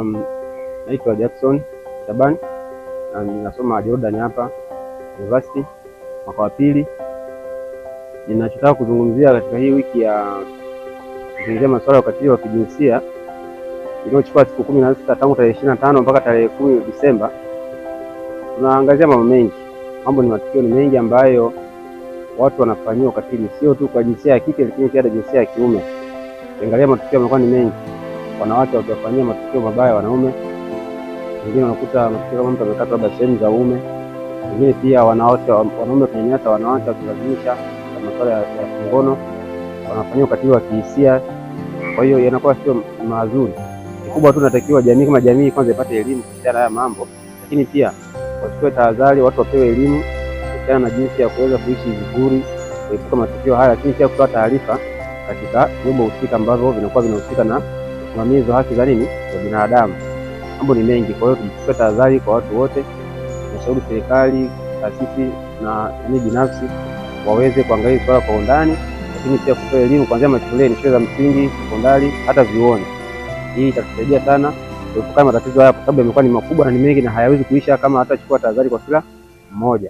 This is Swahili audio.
Um, naitwa Jackson Shaban na ninasoma Jordan hapa University mwaka wa pili. Ninachotaka kuzungumzia katika hii wiki ya kuzungumzia masuala ya ukatili wa kijinsia iliyochukua siku kumi na sita tangu tarehe ishirini na tano mpaka tarehe kumi Disemba, tunaangazia mambo mengi. Mambo ni matukio ni mengi ambayo watu wanafanyiwa ukatili, sio tu kwa jinsia ya kike, lakini pia jinsia ya kiume. Ukiangalia matukio yamekuwa ni mengi wanawake wakiwafanyia matukio mabaya wanaume. Wengine wanakuta matukio kama mtu amekata labda sehemu za uume, wengine pia wanawake wanaume kunyanyasa wanawake wakilazimisha masuala ya kingono, wanafanyia ukatili wa kihisia. Kwa hiyo yanakuwa sio mazuri. Kikubwa tu natakiwa jamii kama jamii kwanza ipate elimu kuhusiana haya mambo, lakini pia wachukue tahadhari, watu wapewe elimu kuhusiana na jinsi ya kuweza kuishi vizuri, kuepuka matukio haya, lakini pia kutoa taarifa katika vyombo husika ambavyo vinakuwa vinahusika na kusimamia haki za nini za binadamu. Mambo ni mengi, kwa hiyo tuchukue tahadhari kwa watu wote. Nashauri serikali, taasisi na jamii binafsi waweze kuangalia swala kwa undani, lakini pia kutoa elimu kuanzia mashuleni, shule za msingi, sekondari, hata vyuoni. Hii itatusaidia sana kuepukana matatizo haya, kwa sababu yamekuwa ni makubwa na ni mengi na hayawezi kuisha kama hatachukua tahadhari kwa kila mmoja.